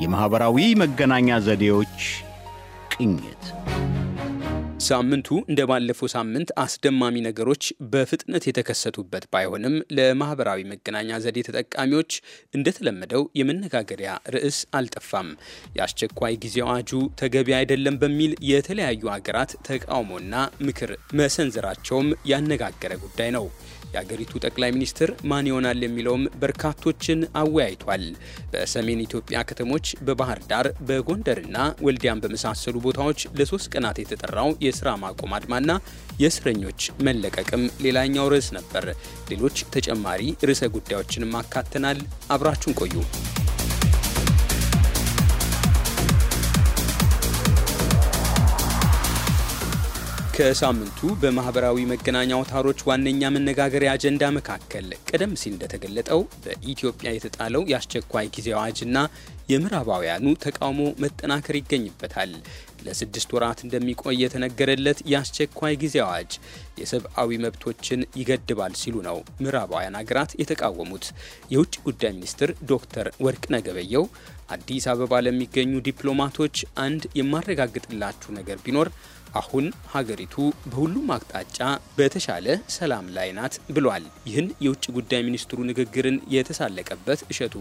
የማኅበራዊ መገናኛ ዘዴዎች ቅኝት ሳምንቱ እንደ ባለፈው ሳምንት አስደማሚ ነገሮች በፍጥነት የተከሰቱበት ባይሆንም ለማህበራዊ መገናኛ ዘዴ ተጠቃሚዎች እንደተለመደው የመነጋገሪያ ርዕስ አልጠፋም። የአስቸኳይ ጊዜ አዋጁ ተገቢ አይደለም በሚል የተለያዩ አገራት ተቃውሞና ምክር መሰንዘራቸውም ያነጋገረ ጉዳይ ነው። የአገሪቱ ጠቅላይ ሚኒስትር ማን ይሆናል የሚለውም በርካቶችን አወያይቷል። በሰሜን ኢትዮጵያ ከተሞች በባህር ዳር በጎንደርና ወልዲያን በመሳሰሉ ቦታዎች ለሶስት ቀናት የተጠራው የስራ ማቆም አድማና የእስረኞች መለቀቅም ሌላኛው ርዕስ ነበር። ሌሎች ተጨማሪ ርዕሰ ጉዳዮችንም አካተናል። አብራችሁን ቆዩ። ከሳምንቱ በማህበራዊ መገናኛ አውታሮች ዋነኛ መነጋገሪያ አጀንዳ መካከል ቀደም ሲል እንደተገለጠው በኢትዮጵያ የተጣለው የአስቸኳይ ጊዜ አዋጅና የምዕራባውያኑ ተቃውሞ መጠናከር ይገኝበታል። ለስድስት ወራት እንደሚቆይ የተነገረለት የአስቸኳይ ጊዜ አዋጅ የሰብአዊ መብቶችን ይገድባል ሲሉ ነው ምዕራባውያን ሀገራት የተቃወሙት። የውጭ ጉዳይ ሚኒስትር ዶክተር ወርቅነህ ገበየሁ አዲስ አበባ ለሚገኙ ዲፕሎማቶች አንድ የማረጋግጥላችሁ ነገር ቢኖር አሁን ሀገሪቱ በሁሉም አቅጣጫ በተሻለ ሰላም ላይ ናት ብሏል። ይህን የውጭ ጉዳይ ሚኒስትሩ ንግግርን የተሳለቀበት እሸቱ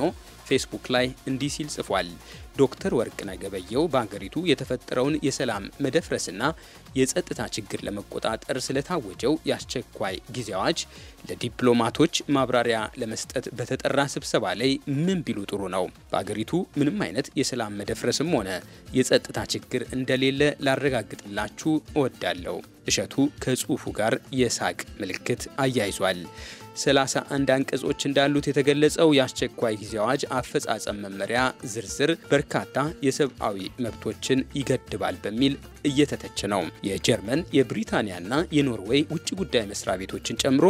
ነው ፌስቡክ ላይ እንዲህ ሲል ጽፏል። ዶክተር ወርቅነህ ገበየሁ በአገሪቱ የተፈጠረውን የሰላም መደፍረስና የጸጥታ ችግር ለመቆጣጠር ስለታወጀው የአስቸኳይ ጊዜ አዋጅ ለዲፕሎማቶች ማብራሪያ ለመስጠት በተጠራ ስብሰባ ላይ ምን ቢሉ ጥሩ ነው? በአገሪቱ ምንም አይነት የሰላም መደፍረስም ሆነ የጸጥታ ችግር እንደሌለ ላረጋግጥላችሁ እወዳለሁ። እሸቱ ከጽሑፉ ጋር የሳቅ ምልክት አያይዟል። 31 አንቀጾች እንዳሉት የተገለጸው የአስቸኳይ ጊዜ አዋጅ አፈጻጸም መመሪያ ዝርዝር በርካታ የሰብአዊ መብቶችን ይገድባል በሚል እየተተቸ ነው። የጀርመን የብሪታንያና የኖርዌይ ውጭ ጉዳይ መስሪያ ቤቶችን ጨምሮ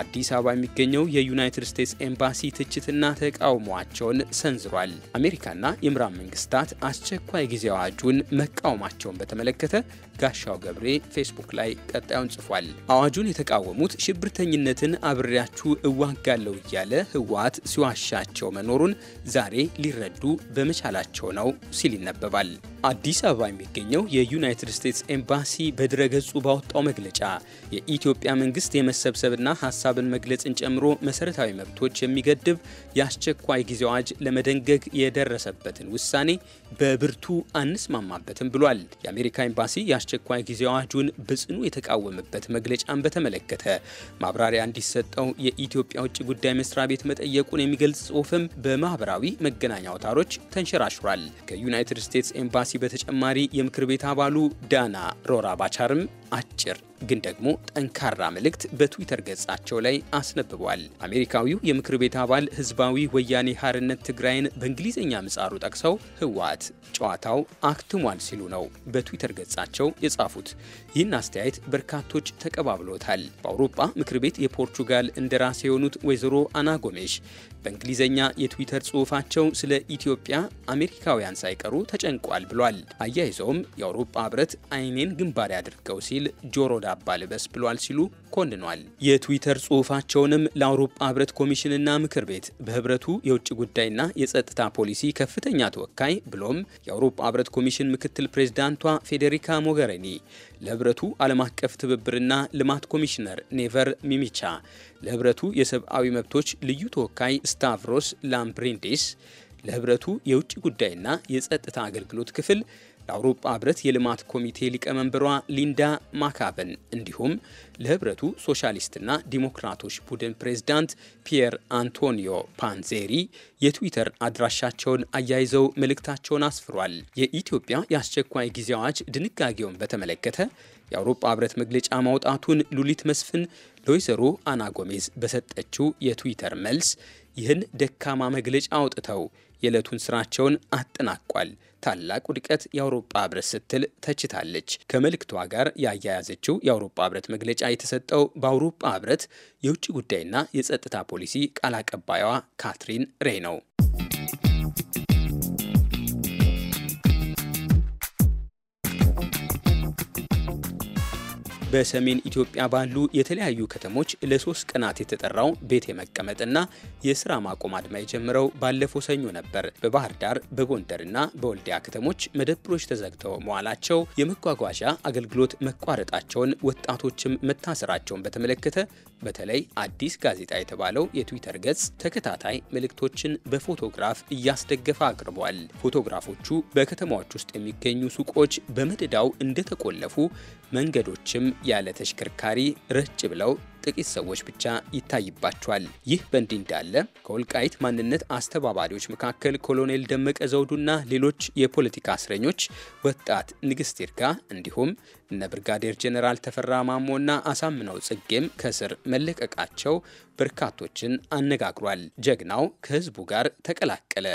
አዲስ አበባ የሚገኘው የዩናይትድ ስቴትስ ኤምባሲ ትችትና ተቃውሟቸውን ሰንዝሯል። አሜሪካና የምዕራብ መንግስታት አስቸኳይ ጊዜ አዋጁን መቃወማቸውን በተመለከተ ጋሻው ገብሬ ፌስቡክ ላይ ቀጣዩን ጽፏል። አዋጁን የተቃወሙት ሽብርተኝነትን አብሬያ ብላችሁ እዋጋለሁ እያለ ህወሓት ሲዋሻቸው መኖሩን ዛሬ ሊረዱ በመቻላቸው ነው ሲል ይነበባል። አዲስ አበባ የሚገኘው የዩናይትድ ስቴትስ ኤምባሲ በድረገጹ ባወጣው መግለጫ የኢትዮጵያ መንግስት የመሰብሰብና ሀሳብን መግለጽን ጨምሮ መሰረታዊ መብቶች የሚገድብ የአስቸኳይ ጊዜ አዋጅ ለመደንገግ የደረሰበትን ውሳኔ በብርቱ አንስማማበትም ብሏል። የአሜሪካ ኤምባሲ የአስቸኳይ ጊዜ አዋጁን በጽኑ የተቃወመበት መግለጫን በተመለከተ ማብራሪያ እንዲሰጠው የኢትዮጵያ ውጭ ጉዳይ መስሪያ ቤት መጠየቁን የሚገልጽ ጽሁፍም በማህበራዊ መገናኛ አውታሮች ተንሸራሽሯል። ከዩናይትድ ስቴትስ ኤምባሲ በተጨማሪ የምክር ቤት አባሉ ዳና ሮራ ባቻርም አጭር ግን ደግሞ ጠንካራ መልእክት በትዊተር ገጻቸው ላይ አስነብቧል። አሜሪካዊው የምክር ቤት አባል ህዝባዊ ወያኔ ሀርነት ትግራይን በእንግሊዝኛ ምጻሩ ጠቅሰው ህወሓት ጨዋታው አክትሟል ሲሉ ነው በትዊተር ገጻቸው የጻፉት። ይህን አስተያየት በርካቶች ተቀባብሎታል። በአውሮፓ ምክር ቤት የፖርቹጋል እንደራሴ የሆኑት ወይዘሮ አና ጎሜሽ በእንግሊዝኛ የትዊተር ጽሑፋቸው ስለ ኢትዮጵያ አሜሪካውያን ሳይቀሩ ተጨንቋል ብሏል። አያይዘውም የአውሮፓ ህብረት አይኔን ግንባር ያድርገው ሲል ጆሮ ዳባ ልበስ ብሏል ሲሉ ኮንኗል። የትዊተር ጽሑፋቸውንም ለአውሮፓ ህብረት ኮሚሽንና ምክር ቤት በህብረቱ የውጭ ጉዳይና የጸጥታ ፖሊሲ ከፍተኛ ተወካይ ብሎም የአውሮፓ ህብረት ኮሚሽን ምክትል ፕሬዝዳንቷ ፌዴሪካ ሞገሪኒ ለህብረቱ ዓለም አቀፍ ትብብርና ልማት ኮሚሽነር ኔቨር ሚሚቻ ለህብረቱ የሰብአዊ መብቶች ልዩ ተወካይ ስታቭሮስ ላምብሪንዲስ ለህብረቱ የውጭ ጉዳይና የጸጥታ አገልግሎት ክፍል ለአውሮፓ ህብረት የልማት ኮሚቴ ሊቀመንበሯ ሊንዳ ማካቨን እንዲሁም ለህብረቱ ሶሻሊስትና ዲሞክራቶች ቡድን ፕሬዝዳንት ፒየር አንቶኒዮ ፓንዜሪ የትዊተር አድራሻቸውን አያይዘው መልእክታቸውን አስፍሯል። የኢትዮጵያ የአስቸኳይ ጊዜ አዋጅ ድንጋጌውን በተመለከተ የአውሮፓ ህብረት መግለጫ ማውጣቱን ሉሊት መስፍን ለወይዘሮ አና ጎሜዝ በሰጠችው የትዊተር መልስ ይህን ደካማ መግለጫ አውጥተው የዕለቱን ስራቸውን አጠናቋል። ታላቅ ውድቀት የአውሮፓ ህብረት ስትል ተችታለች። ከመልእክቷ ጋር ያያያዘችው የአውሮፓ ህብረት መግለጫ የተሰጠው በአውሮፓ ህብረት የውጭ ጉዳይና የጸጥታ ፖሊሲ ቃል አቀባይዋ ካትሪን ሬ ነው። በሰሜን ኢትዮጵያ ባሉ የተለያዩ ከተሞች ለሶስት ቀናት የተጠራው ቤት የመቀመጥና የስራ ማቆም አድማ የጀመረው ባለፈው ሰኞ ነበር። በባህር ዳር በጎንደርና በወልዲያ ከተሞች መደብሮች ተዘግተው መዋላቸው፣ የመጓጓዣ አገልግሎት መቋረጣቸውን፣ ወጣቶችም መታሰራቸውን በተመለከተ በተለይ አዲስ ጋዜጣ የተባለው የትዊተር ገጽ ተከታታይ መልእክቶችን በፎቶግራፍ እያስደገፈ አቅርቧል። ፎቶግራፎቹ በከተማዎች ውስጥ የሚገኙ ሱቆች በመደዳው እንደተቆለፉ መንገዶችም ያለ ተሽከርካሪ ረጭ ብለው ጥቂት ሰዎች ብቻ ይታይባቸዋል። ይህ በእንዲህ እንዳለ ከወልቃይት ማንነት አስተባባሪዎች መካከል ኮሎኔል ደመቀ ዘውዱና ሌሎች የፖለቲካ እስረኞች ወጣት ንግስት ይርጋ እንዲሁም እነ ብርጋዴር ጄኔራል ተፈራ ማሞና አሳምነው ጽጌም ከስር መለቀቃቸው በርካቶችን አነጋግሯል። ጀግናው ከህዝቡ ጋር ተቀላቀለ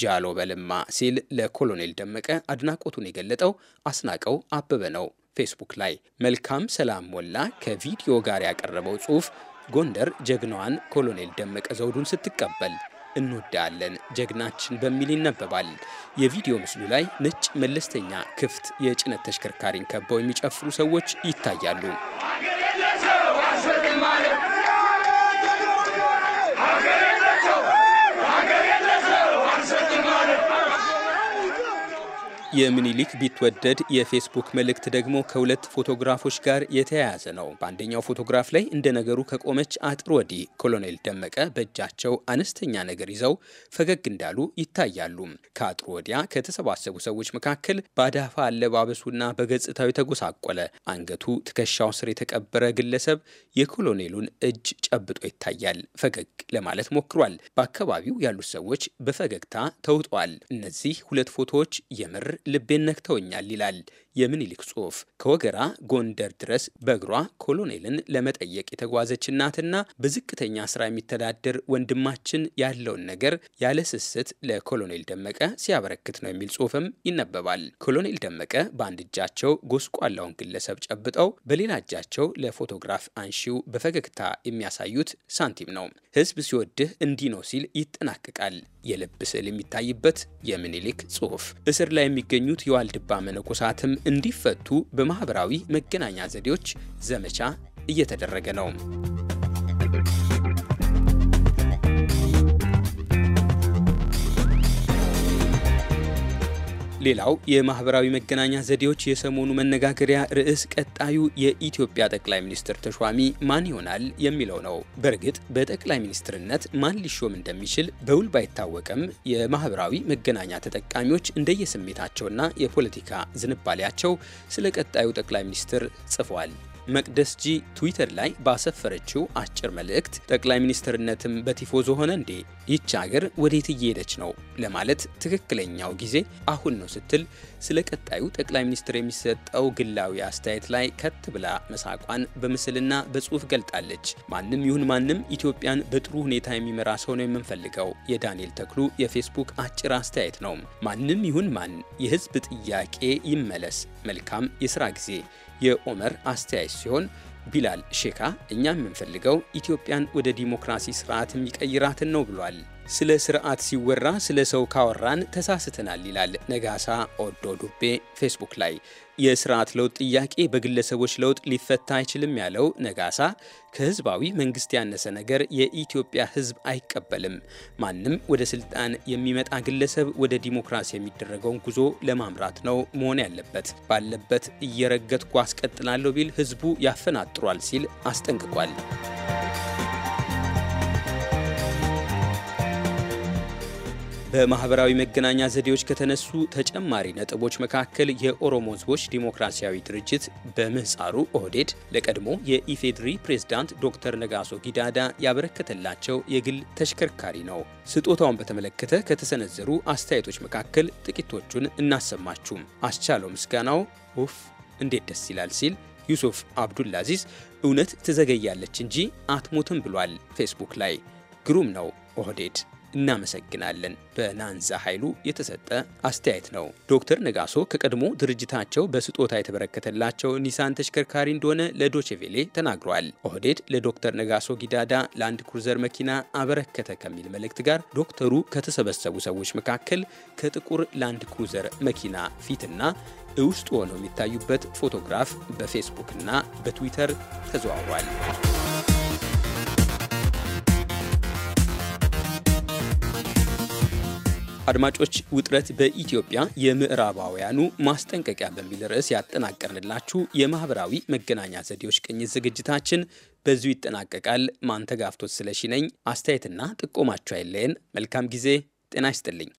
ጃሎ በለማ ሲል ለኮሎኔል ደመቀ አድናቆቱን የገለጠው አስናቀው አበበ ነው። ፌስቡክ ላይ መልካም ሰላም ሞላ ከቪዲዮ ጋር ያቀረበው ጽሑፍ ጎንደር ጀግናዋን ኮሎኔል ደመቀ ዘውዱን ስትቀበል እንወዳለን ጀግናችን በሚል ይነበባል። የቪዲዮ ምስሉ ላይ ነጭ መለስተኛ ክፍት የጭነት ተሽከርካሪን ከበው የሚጨፍሩ ሰዎች ይታያሉ። የሚኒሊክ ቢትወደድ የፌስቡክ መልእክት ደግሞ ከሁለት ፎቶግራፎች ጋር የተያያዘ ነው። በአንደኛው ፎቶግራፍ ላይ እንደ ነገሩ ከቆመች አጥር ወዲህ ኮሎኔል ደመቀ በእጃቸው አነስተኛ ነገር ይዘው ፈገግ እንዳሉ ይታያሉ። ከአጥር ወዲያ ከተሰባሰቡ ሰዎች መካከል በአዳፋ አለባበሱና በገጽታው የተጎሳቆለ አንገቱ ትከሻው ስር የተቀበረ ግለሰብ የኮሎኔሉን እጅ ጨብጦ ይታያል። ፈገግ ለማለት ሞክሯል። በአካባቢው ያሉት ሰዎች በፈገግታ ተውጠዋል። እነዚህ ሁለት ፎቶዎች የምር ልቤን ነክተውኛል ይላል የምኒልክ ጽሑፍ ከወገራ ጎንደር ድረስ በእግሯ ኮሎኔልን ለመጠየቅ የተጓዘች እናትና በዝቅተኛ ስራ የሚተዳደር ወንድማችን ያለውን ነገር ያለ ስስት ለኮሎኔል ደመቀ ሲያበረክት ነው የሚል ጽሑፍም ይነበባል። ኮሎኔል ደመቀ በአንድ እጃቸው ጎስቋላውን ግለሰብ ጨብጠው በሌላ እጃቸው ለፎቶግራፍ አንሺው በፈገግታ የሚያሳዩት ሳንቲም ነው። ህዝብ ሲወድህ እንዲህ ነው ሲል ይጠናቀቃል። የልብ ስዕል የሚታይበት የምኒልክ ጽሑፍ። እስር ላይ የሚገኙት የዋልድባ መነኮሳትም እንዲፈቱ በማህበራዊ መገናኛ ዘዴዎች ዘመቻ እየተደረገ ነው። ሌላው የማህበራዊ መገናኛ ዘዴዎች የሰሞኑ መነጋገሪያ ርዕስ ቀጣዩ የኢትዮጵያ ጠቅላይ ሚኒስትር ተሿሚ ማን ይሆናል የሚለው ነው። በእርግጥ በጠቅላይ ሚኒስትርነት ማን ሊሾም እንደሚችል በውል ባይታወቅም የማህበራዊ መገናኛ ተጠቃሚዎች እንደየስሜታቸውና የፖለቲካ ዝንባሌያቸው ስለ ቀጣዩ ጠቅላይ ሚኒስትር ጽፏል። መቅደስ ጂ ትዊተር ላይ ባሰፈረችው አጭር መልእክት ጠቅላይ ሚኒስትርነትም በቲፎዞ ሆነ እንዴ? ይች ሀገር ወዴት እየሄደች ነው? ለማለት ትክክለኛው ጊዜ አሁን ነው ስትል ስለ ቀጣዩ ጠቅላይ ሚኒስትር የሚሰጠው ግላዊ አስተያየት ላይ ከት ብላ መሳቋን በምስልና በጽሁፍ ገልጣለች። ማንም ይሁን ማንም ኢትዮጵያን በጥሩ ሁኔታ የሚመራ ሰው ነው የምንፈልገው የዳንኤል ተክሉ የፌስቡክ አጭር አስተያየት ነው። ማንም ይሁን ማን የህዝብ ጥያቄ ይመለስ። መልካም የስራ ጊዜ የኦመር አስተያየት ሲሆን ቢላል ሼካ እኛ የምንፈልገው ኢትዮጵያን ወደ ዲሞክራሲ ስርዓት የሚቀይራትን ነው ብሏል። ስለ ስርዓት ሲወራ ስለ ሰው ካወራን ተሳስተናል ይላል ነጋሳ ኦዶ ዱቤ ፌስቡክ ላይ። የስርዓት ለውጥ ጥያቄ በግለሰቦች ለውጥ ሊፈታ አይችልም ያለው ነጋሳ ከህዝባዊ መንግስት ያነሰ ነገር የኢትዮጵያ ህዝብ አይቀበልም። ማንም ወደ ስልጣን የሚመጣ ግለሰብ ወደ ዲሞክራሲ የሚደረገውን ጉዞ ለማምራት ነው መሆን ያለበት። ባለበት እየረገጥኩ አስቀጥላለሁ ቢል ህዝቡ ያፈናጥሯል ሲል አስጠንቅቋል። በማህበራዊ መገናኛ ዘዴዎች ከተነሱ ተጨማሪ ነጥቦች መካከል የኦሮሞ ህዝቦች ዲሞክራሲያዊ ድርጅት በምህፃሩ ኦህዴድ ለቀድሞ የኢፌድሪ ፕሬዝዳንት ዶክተር ነጋሶ ጊዳዳ ያበረከተላቸው የግል ተሽከርካሪ ነው። ስጦታውን በተመለከተ ከተሰነዘሩ አስተያየቶች መካከል ጥቂቶቹን እናሰማችሁም። አስቻለው ምስጋናው ኡፍ እንዴት ደስ ይላል ሲል ዩሱፍ አብዱልአዚዝ እውነት ትዘገያለች እንጂ አትሞትም ብሏል። ፌስቡክ ላይ ግሩም ነው ኦህዴድ እናመሰግናለን። በናንዛ ኃይሉ የተሰጠ አስተያየት ነው። ዶክተር ነጋሶ ከቀድሞ ድርጅታቸው በስጦታ የተበረከተላቸው ኒሳን ተሽከርካሪ እንደሆነ ለዶቼቬሌ ተናግሯል። ኦህዴድ ለዶክተር ነጋሶ ጊዳዳ ላንድ ክሩዘር መኪና አበረከተ ከሚል መልእክት ጋር ዶክተሩ ከተሰበሰቡ ሰዎች መካከል ከጥቁር ላንድ ክሩዘር መኪና ፊትና ውስጥ ሆነው የሚታዩበት ፎቶግራፍ በፌስቡክ እና በትዊተር ተዘዋውሯል። አድማጮች ውጥረት በኢትዮጵያ የምዕራባውያኑ ማስጠንቀቂያ በሚል ርዕስ ያጠናቀርንላችሁ የማህበራዊ መገናኛ ዘዴዎች ቅኝት ዝግጅታችን በዚሁ ይጠናቀቃል። ማንተጋፍቶት ስለሺ ነኝ። አስተያየትና ጥቆማችሁ አይለየን። መልካም ጊዜ። ጤና ይስጥልኝ።